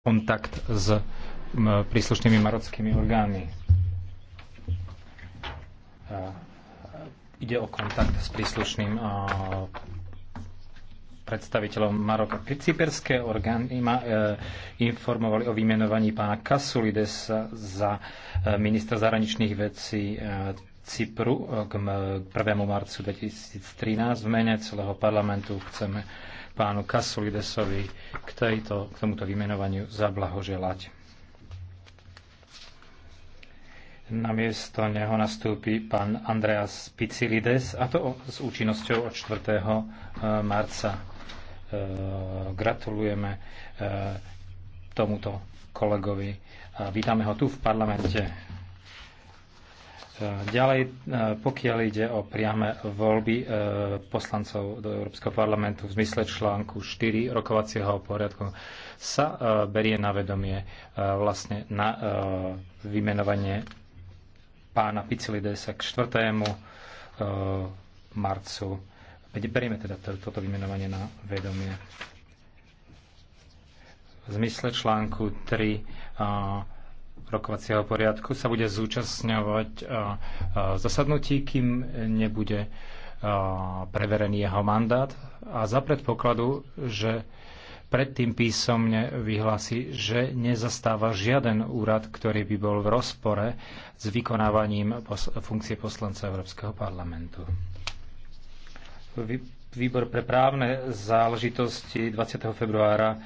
kontakt s príslušnými marockými orgánmi. Ide o kontakt s príslušným predstaviteľom Maroka. Cyperské orgány ma e, informovali o vymenovaní pána Kasulides za e, ministra zahraničných vecí e, Cypru k 1. marcu 2013. V mene celého parlamentu chceme pánu Kasolidesovi k, tejto, k tomuto vymenovaniu zablahoželať. Namiesto neho nastúpi pán Andreas Picilides a to s účinnosťou od 4. E, marca. E, gratulujeme e, tomuto kolegovi a vítame ho tu v parlamente. Ďalej, e, pokiaľ ide o priame voľby e, poslancov do Európskeho parlamentu v zmysle článku 4 rokovacieho poriadku, sa e, berie na vedomie vlastne na vymenovanie pána Picilidesa k 4. marcu. Berieme teda toto vymenovanie na vedomie. V zmysle článku 3 rokovacieho poriadku sa bude zúčastňovať zasadnutí, kým nebude preverený jeho mandát a za predpokladu, že predtým písomne vyhlási, že nezastáva žiaden úrad, ktorý by bol v rozpore s vykonávaním pos- funkcie poslanca Európskeho parlamentu. Výbor pre právne záležitosti 20. februára